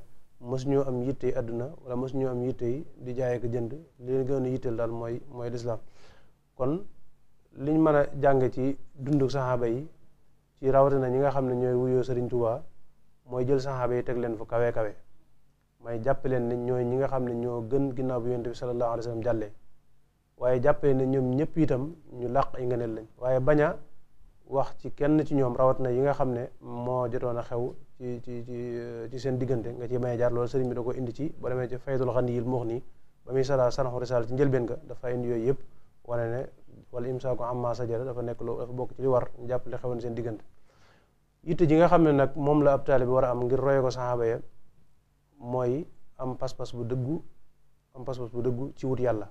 mos ñoo am yitte yi àdduna wala mos ñoo am yitte yi di jaay ak jënd li leen gën a yitteel daal mooy mooy lislaam kon liñ mën a jàng ci dundu saxaaba yi ci rawatina ñi nga xam ne ñooy wuyoo sëriñ Tuubaa mooy jël saxaaba yi teg leen fu kawe kawe may jàpp leen ne ñooy ñi nga xam ne ñoo gën ginnaaw bi yonent bi sallallahu alayhi wa sallam jàllee waaye jàpp leen ne ñëpp itam ñu làq ay ngëneel lañ waaye bañ a wax ci kenn ci ñoom rawatina yi nga xam ne moo jotoon a xew ci ci ci ci seen diggante nga ci may jaar loolu sëriñ bi da ko indi ci boo demee ci Faydul Ghaniyil Mughni ba muy sara sanaxu risaal ci njëlbeen nga dafa indi yooyu yëpp wane ne wala imsaaku amma sajara dafa nekk loo dafa bokk ci li war ñu jàpp li xewoon seen diggante yitte ji nga xam ne nag moom la ab taalibe war a am ngir roye ko saxaaba ya mooy am pas-pas bu dëggu am pas-pas bu dëggu ci wut yàlla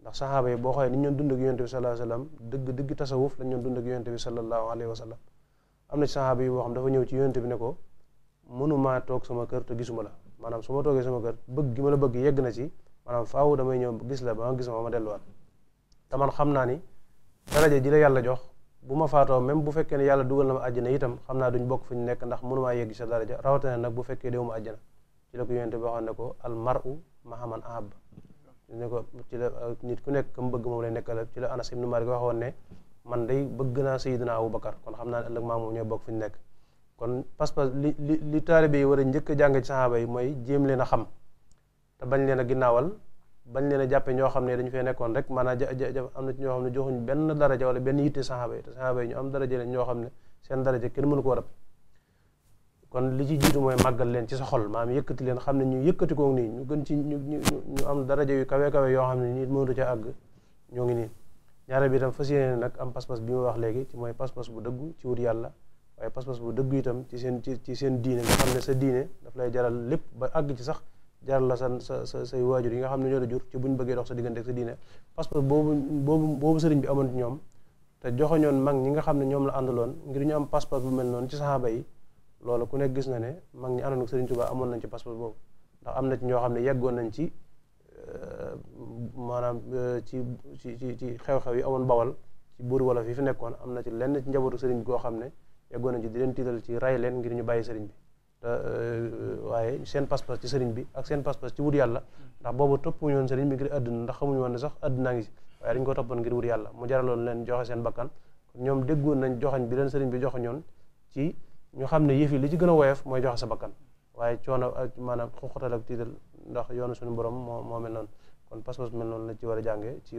ndax saxaaba yi boo xoolee ni ñu doon dund ak yonent bi sallallahu alayhi wa sallam dëgg dëgg tasawuf lañ doon dund ak yonent bi sallallahu alayhi wa sallam am na ci saxaaba yi boo xam dafa ñëw ci yonent bi ne ko mënumaa toog sama kër te gisuma la maanaam su ma toogee sama kër bëgg gi ma la bëgg yegg na ci maanaam faaw damay ñëw gis la ba nga gis ma ma te man xam naa ni daraja ji la yàlla jox bu ma faatoo même bu fekkee ne yàlla dugal na ma àjjana itam xam naa duñ bokk fu ñu nekk ndax mënumaa yegg sa daraja rawatina nag bu fekkee déwu ma àjjana ci la ko yonente bi waxoon ne ko al mar'u ma'a man ahabba ne ko ci la euh, nit ku nekk kam bëgg moom lay nekkal ci la Anas ibnu Maalik waxoon ne man day bëgg naa Sayyidina Abu Bakar kon xam naa ne ëllëg maa moom ñooy bokk fu ñu nekk kon pas-pas li li li taalibe yi war a njëkk a jàng ci yi mooy jéem leen a xam te bañ leen a ginnaawal bañ leen a jàppe ñoo xam ne dañu fee nekkoon rek maanaam am na ci ñoo xam ne joxuñ benn daraja wala benn yitte saxaaba yi te saxaaba ñu am daraja leen ñoo xam ne seen daraja kenn mënu koo rab kon li ci jiitu mooy màggal leen ci sa maam yëkkati leen xam ne ñu yëkkati ñu gën ci ñu ñu am daraja yu kawe kawe yoo xam ne nit mënatu ca àgg ñoo ngi nii ñaare bi itam fas yéene nag am pas-pas bi wax léegi ci mooy pas-pas bu dëggu ci wut yàlla waaye pas-pas bu dëggu itam ci seen ci seen diine nga xam ne sa diine daf lay jaral lépp ba àgg ci sax jaral la sa sa sa waajur yi nga xam ne ñoo jur ci buñ bëggee dox sa diggante ak sa diine passeport boobu boobu boobu sëriñ bi amoon ñoom te joxoñoon mag ñi nga xam ne ñoom la àndaloon ngir ñu am passeport bu mel noonu ci saxaaba yi loolu ku nekk gis na ne mag ñi àndoon ak sëriñ Tuubaa amoon nañ ci passeport boobu ndax am na ci ñoo xam ne yeggoon nañ ci euh, maanaam euh, ci ci ci ci xew-xew yi amoon bawal ci buur wolof yi fi nekkoon am na ci lenn njabootu sëriñ bi koo xam ne yeggoon nañ ci di leen tiital ci ray leen ngir ñu bàyyi sëriñ bi Euh, waaye seen pas-pas ci sëriñ bi ak seen pas-pas ci wut yàlla ndax boobu toppuñu woon sëriñ bi ngir àdduna ndax xamuñu woon sax àdduna ngi ci a woyof mooy joxe sa bakkan a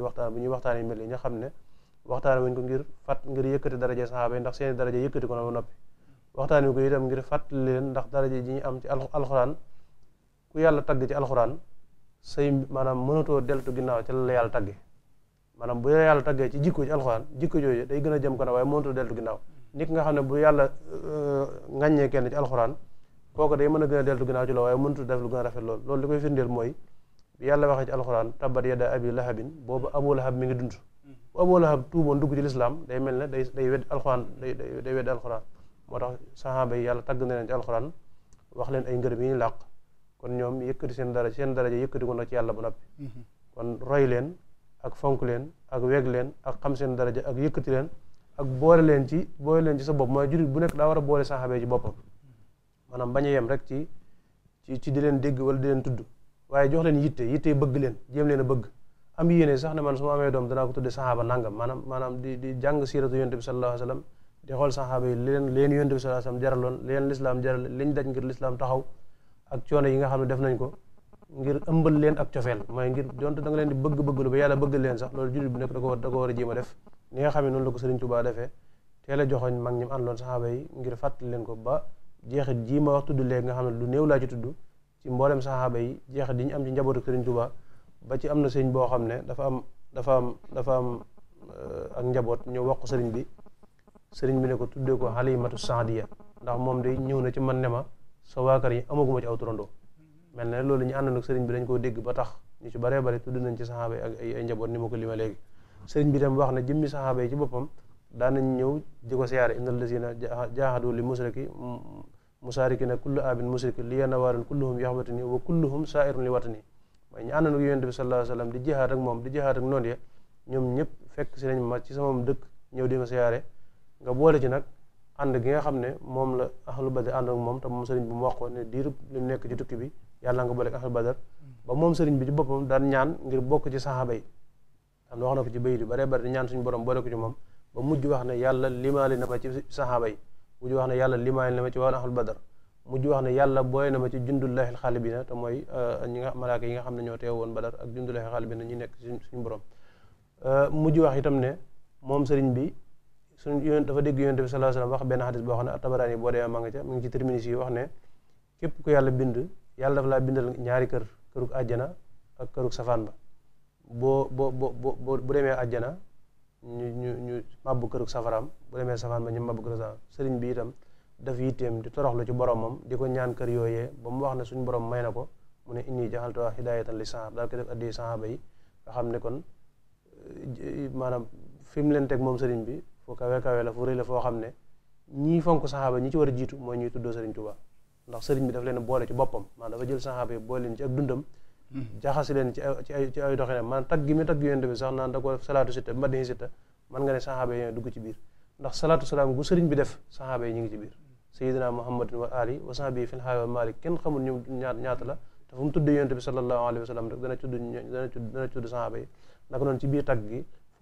waxtaan bu ñuy waxtaan yi mel yi nga xam ne waxtaan wuñ ko ngir fat ngir yëkkati daraje saxaaba ndax seen daraje yëkkati ko na ba waxtaan wi ko itam ngir fàttali leen ndax daraje ji ñu am ci alxuraan ku yàlla tagg ci alxuraan say maanaam mënatoo deltu ginnaaw ci la yàlla tagge maanaam bu yàlla taggee ci jikko ci jikko jooju day gën a jëm kanam waaye mënatoo deltu ginnaaw nit nga xam ne bu yàlla euh, ŋàññee kenn ci alxuraan kooku day mën a gën a deltu ginnaaw ci loolu waaye mënatu def lu gën a rafet loolu loolu li koy firndeel mooy bi yàlla waxee ci alxuraan tabbat yada abi lahabin boobu abu lahab mi ngi dund bu mm-hmm. abu lahab tuuboon dugg ci lislaam day mel ne day day wedd alxuraan day day wedd alxuraan moo tax saxaaba yi yàlla tagg na leen ci alxuraan wax leen ay ngërëm yi ñu làq kon ñoom yëkkati seen dara seen daraja yëkkati ko na ci yàlla ba noppi kon roy leen ak fonk leen ak weg leen ak xam seen daraja ak yëkkati leen ak boole leen ci boole leen ci sa bopp mooy jurit bu nekk daa war a boole saxaaba yi ci boppam maanaam bañ a yem rek ci ci ci di leen dégg wala di leen tudd waaye jox leen yitte yitte bëgg leen jéem leen a bëgg am yéene sax na man su ma amee doom danaa ko tudde saxaaba maanaam maanaam di di jàng siiratu yonte bi sallallahu alayhi wa di xool saxaaba yi leen leen yonent bi sallallahu alayhi wasallam jaraloon leen lislaam jaral liñ daj ngir lislaam taxaw ak coono yi nga xam ne def nañ ko ngir ëmbal leen ak cofeel mooy ngir donte danga leen di bëgg-bëgg lu ba yàlla bëgg leen sax loolu jullit bi nekk da ko war a jéem a def ni nga xam ne noonu la ko Sëriñ Tuubaa defee teel a joxoñ mag ñi àndoon saxaaba yi ngir fàttali leen ko ba jeexit jii ma wax tudd léegi nga xam ne lu néew laa ci tudd ci mboolem saxaaba yi jeexit yi ñu am ci njabootu Sëriñ Tuubaa ba ci am na sëriñ boo xam ne dafa am dafa am dafa am euh, ak njaboot ñëw wax ko sëriñ bi sëriñ bi ne ko tuddee ko Halimatu Saadiya ndax moom de ñëw na ci man ne ma sa waakar yi amaguma ci aw turandoo mel na loolu ñu àndoon ak sëriñ bi dañ koo dégg ba tax ñu ci baree bare tudd nañ ci saxaaba yi ak ay njaboot ni ma ko lima léegi sëriñ bi tam wax na jëmmi saxaaba yi ci boppam daan nañ ñëw di ko siyaare inna lazina jaahadu li musriki musaarikina kullu abin musriki li yanawaarin kulluhum yaxbatani wa kulluhum saairun li watani mooy ñu àndoon ak yonent bi sallallahu alayhi wasallam di jihaad ak moom di jihaad ak noon ñëpp fekk ma ci sama dëkk ñëw di ma siyaare nga boole ci nag ànd gi nga xam ne moom la ahlu badar ànd ak moom te mu wax ko ne diirub li mu nekk ci tukki bi yàlla nga boole ak ahlu badar ba moom sëriñ bi ci boppam daan ñaan ngir bokk ci saxaaba yi am na wax na ko ci bayit yu bare bare ñaan suñu borom boole ko moom mujj wax ne yàlla limaali na ma ci saxaaba yi mujj wax ne yàlla limaali na ma ci waa ahlu badar mujj wax ne yàlla booy na ma ci jundullahil xaalibina te mooy euh, ñi nga malaaka yi nga xam ne ñoo teewoon badar ak jundullahil xaalibina ñu nekk suñu borom euh, mujj wax itam ne moom sëriñ bi suñ yoon dafa dégg yonent bi sallallahu alayhi wasallam wax benn xadis boo xam ne képp ku yàlla bind yàlla dafa laa bindal ñaari kër kërug àjjana ak kërug safaan ba boo boo boo bu demee àjjana ñu ñu ñu mabbu safaraam bu demee safaan ba ñu mabbu kërug safaraam sëriñ bi itam daf yitteem di toroxlu ci boromam di ko ñaan kër yooyee ba mu wax ne suñu borom may na ko mu ne inni jaxaltu hidaayatan li sahab daal ko def addi sahaaba yi nga xam ne kon maanaam fi mu leen teg moom sëriñ bi fu kawe kawe la fu rëy la foo xam ne ñii fonk saxaaba ñi ci war a jiitu mooy ñuy tuddoo Serigne Touba ndax sëriñ bi daf leen boole ci boppam maanaam dafa jël saxaaba yi boole leen ci ak dundam mm-hmm. jaxasi ci ay ci ay doxinam gi mi tag yonent bi sax da ko salaatu sitta madihi sitta bi def saxaaba yi ñu ngi ci biir sayidina muhammadin wa ali wa sahbi fi lxaawa malik kenn xamul ñu ñaat ñaata la te fu mu tudd yonent bi sallallahu alayhi wa sallam dana tudd saxaaba yi naka noonu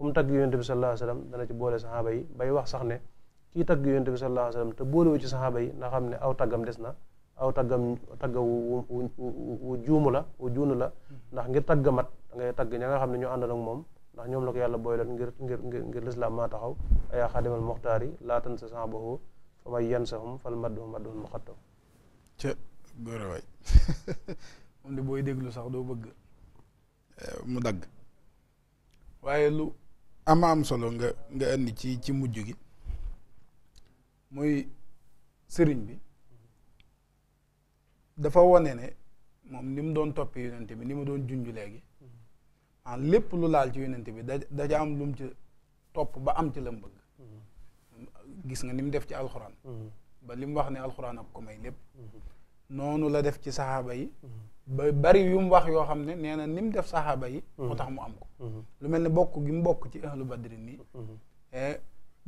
fu mu tagg yonent bi sallallahu alayhi wa sallam wax sax ne kii tagg yonent bi sallallahu alayhi wa sallam te boolewu ci saxaaba yi nga xam ne aw taggam des na aw taggam tagga wu wu juumu la wu juunu la ndax ngir tagg mat dangay ngay tagg ña nga xam ne ñu àndoon ak moom ndax ñoom la ko yàlla booyloon ngir ngir ngir lislaam maa taxaw ayaa xaadimal muxtaar yi laatan sa saxaabahu fa may yan sahum fal madduhu madduhun muxattam ca góor a waay *laughs* moom de booy déglu sax doo bëgg eh, mu dagg waaye lu ama am solo nga nga indi ci ci mujj gi muy sëriñ bi dafa wane ne moom ni mu doon toppee yonent bi ni mu doon junj léegi ah lépp lu laal ci yonent bi da am lu mu ci topp ba am ci la mu gis nga ni mu def ci alxuraan mm-hmm. ba li mu wax ne alxuraan ak ko may lépp mm-hmm. noonu la def ci saxaaba yi ba bari yu mu wax yoo xam ne nee na ni mu def saxaaba yi mm-hmm. moo tax mu am ko mm-hmm. lu mel ne bokk gi mu bokk ci ahlu badri nii mm-hmm. eh,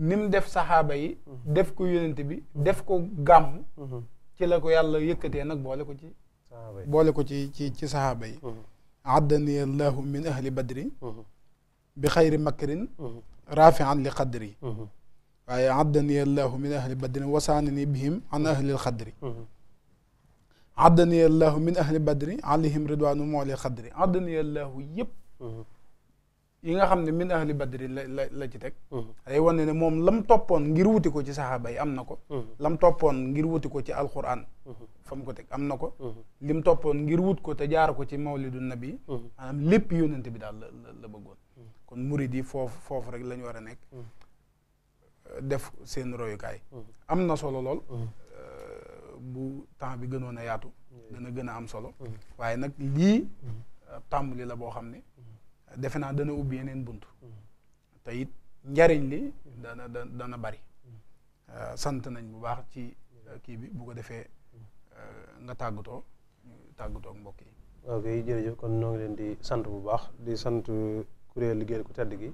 ni mu def saxaaba yi def ko yonent bi def ko gàmm ci la ko yàlla yëkkatee nag boole ko ci boole ko ci ci ci saxaaba yi addani allahu min ahli badri bi xayri makrin rafian li qadri waaye addani allahu min ahli badrin wasaanani bihim an ahli alxadri addani allahu min ahli badri alayhim ridwaanu mooli xadri addani allahu yëpp mhm. yi nga xam ne min ahli badri la la ci teg mhm. ay wane ne moom lam toppoon ngir wuti ko ci saxaaba yi am na ko mhm. lam toppoon ngir wuti ko ci alquran fa mu ko teg am na ko lim toppoon ngir wut ko te jaar ko ci mawlidu nabi maanaam lépp yónnante bi daal la la bëggoon kon murid yi foofu foofu rek lañu ñu war a nekk def seen royukaay am na solo lool bu temps bi gënoon a yaatu dana gën a am solo waaye nag lii euh, tàmbali la boo xam ne defe naa dana ubbi yeneen bunt te it njariñ li dana dana bari euh, sant nañ bu baax ci euh, kii bi bu ko defee nga tàggatoo tàggatoo mbokk yi ok jërëjëf kon noo leen di sant bu baax di sant kuréel liggéeyal ku tedd gi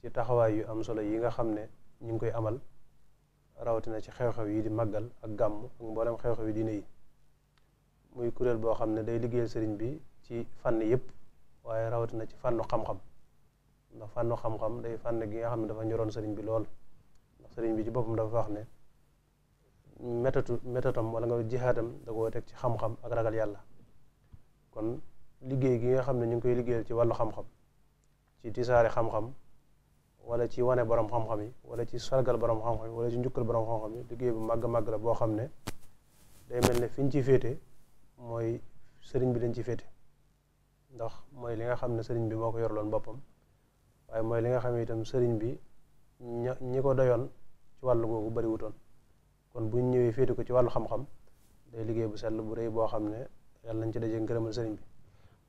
ci taxawaay yu am solo yi nga xam ne ñu ngi koy amal rawatina ci xew-xew yi di màggal ak gàmm ak mboolem xew-xew yi diine yi muy kuréel boo xam ne day liggéeyal sëriñ bi ci fànn yëpp waaye rawatina ci fànn xam-xam ndax fànnu xam-xam day fànn gi nga xam ne dafa ñoroon sëriñ bi lool ndax sëriñ bi ci boppam dafa wax ne métatu métatam wala nga jihaatam da koo teg ci xam-xam ak ragal yàlla kon liggéey gi nga xam ne ñu ngi koy liggéeyal ci wàllu xam-xam ci tisaare xam-xam wala ci wane borom xam-xam yi wala ci sargal borom xam-xam yi wala ci njukkal borom xam-xam yi liggéey bu màgg-màgg la boo xam ne day mel ne fi ñu féete mooy sëriñ bi dañ ci féete ndox mooy li nga xam ne sëriñ bi moo ko yorloon boppam waaye mooy li nga xam itam sëriñ bi ñi ko doyoon ci wàllu googu bariwutoon kon bu ñëwee féete ko ci wàllu xam-xam day liggéey bu sell bu rëy boo xam ne yàlla nañ ci daje ngërëmal sëriñ bi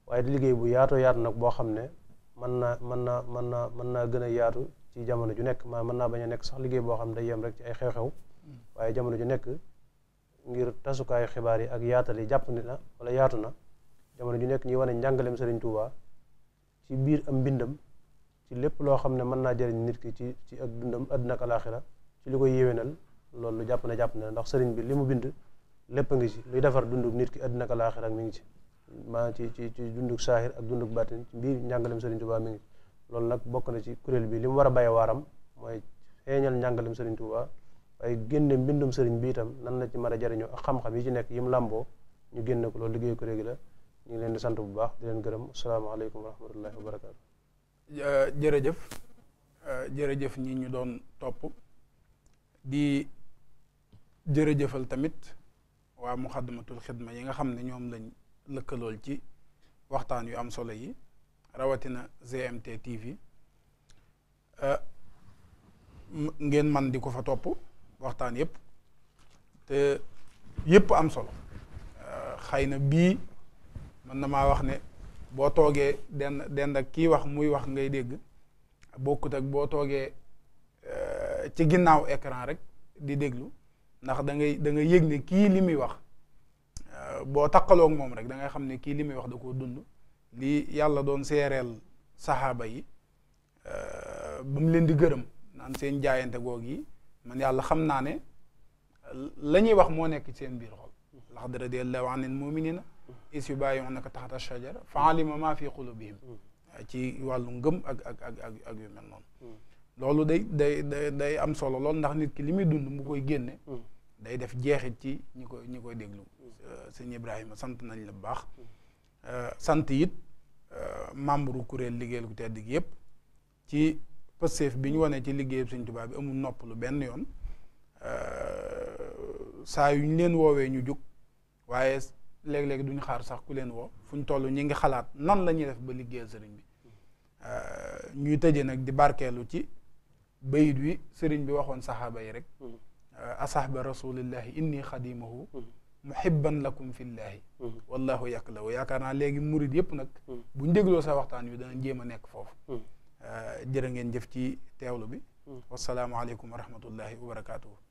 waaye di liggéey bu yaatoo yaatu nag boo xam ne mën naa mën naa mën naa mën naa gën a yaatu ci jamono ju nekk maa mën naa bañ a nekk sax liggéey boo xam ne yem rek ci ay xew-xew hmm. waaye jamono ju nekk ngir tasukaayu xibaar yi ak yaatal jàpp ni na wala yaatu na jamono ju nekk ñuy wane njàngaleem Serigne Touba ci biir am mbindam ci lépp loo xam ne mën naa jëriñ nit ki ci ci ak dundam àdduna ak alaaxira ci lu ko koy yéwénal loolu jàpp na jàpp na ndax sëriñ bi li mu bind lépp a ngi ci luy defar dundub nit ki àdduna ak alaaxira mi ngi ci maa ci ci ci dunduk saahir ak dunduk baatin ci biir njàngalem Serigne Touba loolu nag bokk na ci kuréel bii li mu war a baye waaram mooy feeñal njàngalem Serigne Touba waaye génne mbindum sëriñ bi itam nan la ci man a jariñoo ak xam-xam yi ci nekk yi mu làmboo ñu génne ko loolu liggéey kuréel gi la ñu ngi leen di sant bu baax di leen gërëm asalaamaaleykum wa rahmatullahi wa barakaatu. jërëjëf jërëjëf ñi ñu doon topp di jërëjëfal tamit waa muxaddamatul xidma yi nga xam ne ñoom lañ. lool ci waxtaan yu am solo yi rawatina GMT TV euh, ngeen man di ko fa topp waxtaan yépp te yépp am solo euh, xëy na bii mën na maa wax ne boo toogee dend dend ak kii wax muy wax ngay dégg bokkut ak boo toogee euh, ci ginnaaw écran rek di déglu ndax dangay danga da ne kii li muy wax boo taqaloog moom rek dangay xam ne kii li muy wax da koo dund lii yàlla doon seereel saxaaba yi euh, ba mu leen di gërëm naan seen jaayante goog yi man yàlla xam naa ne la ñuy wax moo nekk seen biir xol laxad radiyallahu anil muminina is yubayi'unaka taxta shajara fa alima ma fi qulubihim ci wàllu ngëm ak ak ak ak yu mel noonu hmm. loolu day day day am solo lool ndax nit ki li muy dund mu koy génne hmm. day def jeexit ci ñi koy ñi koy déglu euh, sëñ Ibrahima sant nañ la bu baax euh, sant it euh, membre kuréel liggéeyal ku tedd gi yëpp ci pësteef bi ñu wane ci liggéeyam sëñ Tuubaa bi amul nopp lu benn yoon saa yu ñu leen woowee ñu jóg waaye léeg-léeg duñu xaar sax ku leen woo fu ñu toll ñi ngi xalaat nan la ñuy def ba liggéeyal sëriñ bi ñuy tëje nag di barkeelu ci bayit wi sëriñ bi waxoon saxaaba yi rek mm-hmm. asahba rasulillahi inni xadimahu muhibban lakum fillahi mu yàq la yaakaar naa léegi murid yépp nag buñ dégloo sa waxtaan wi dana jéem a nekk foofu mm. jërë ngeen jëf ci teewlu bi mm. wasalaamualeykum wa rahmatullahi wa barakaatuhu